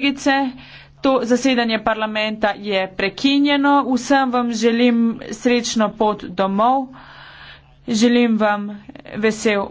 kolegice. To zasedanje parlamenta je prekinjeno. Vsem vam želim srečno pot domov. Želim vam vesel